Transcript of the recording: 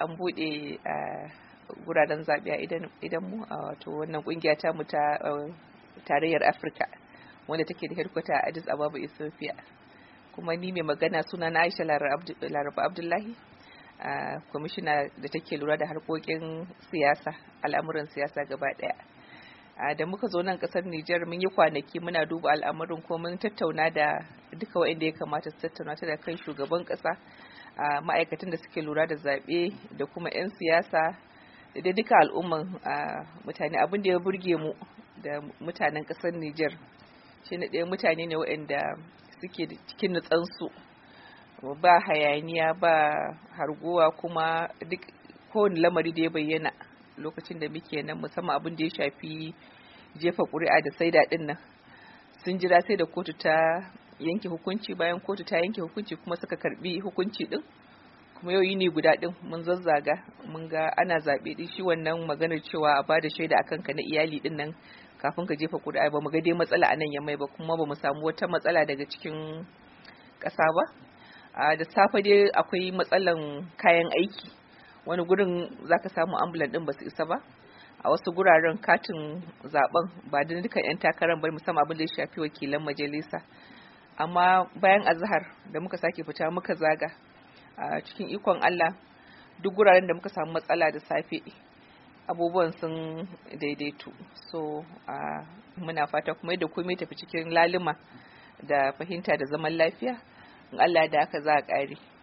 an buɗe guraren zaɓe a idan mu a wato wannan ƙungiya ta mu ta tarayyar afirka wanda take da herkwata a addis ababa ethiopia kuma ni mai magana suna na aisha laraba abdullahi kwamishina da take lura da harkokin siyasa al'amuran siyasa gaba ɗaya da muka zo nan kasar Nijar mun yi kwanaki muna duba al'amarin ko mun tattauna da duka wa'inda ya kamata su tattauna ta da kan shugaban ƙasa ma'aikatan da suke lura da zaɓe da kuma 'yan siyasa da duka al'umman mutane abin da ya burge mu da mutanen kasar Nijar shi na ɗaya mutane ne wa'inda suke cikin nutsansu ba hayaniya ba harguwa kuma duk kowane lamari da ya bayyana lokacin da muke nan musamman abin da ya shafi jefa ƙuri'a da saida ɗin nan sun jira sai da kotu ta yanke hukunci bayan kotu ta yanke hukunci kuma suka karbi hukunci ɗin kuma yau yi ne guda ɗin mun zazzaga mun ga ana zaɓe ɗin shi wannan maganar cewa a bada shaida akan ka na iyali ɗin nan kafin ka jefa ƙuri'a ba mu ga dai matsala a nan yamai ba kuma ba mu samu wata matsala daga cikin ƙasa ba da safe dai akwai matsalan kayan aiki wani gurin ka samu ambulan din ba su isa ba a wasu guraren katin zaben ba da dukkan yan takarar ba musamman abin da ya shafi wakilan majalisa amma bayan azhar da muka sake fita muka zaga a cikin ikon Allah duk guraren da muka samu matsala da safe abubuwan sun daidaitu so a muna fata kuma yadda komai tafi cikin lalima da fahimta da zaman lafiya in Allah da aka za a ƙare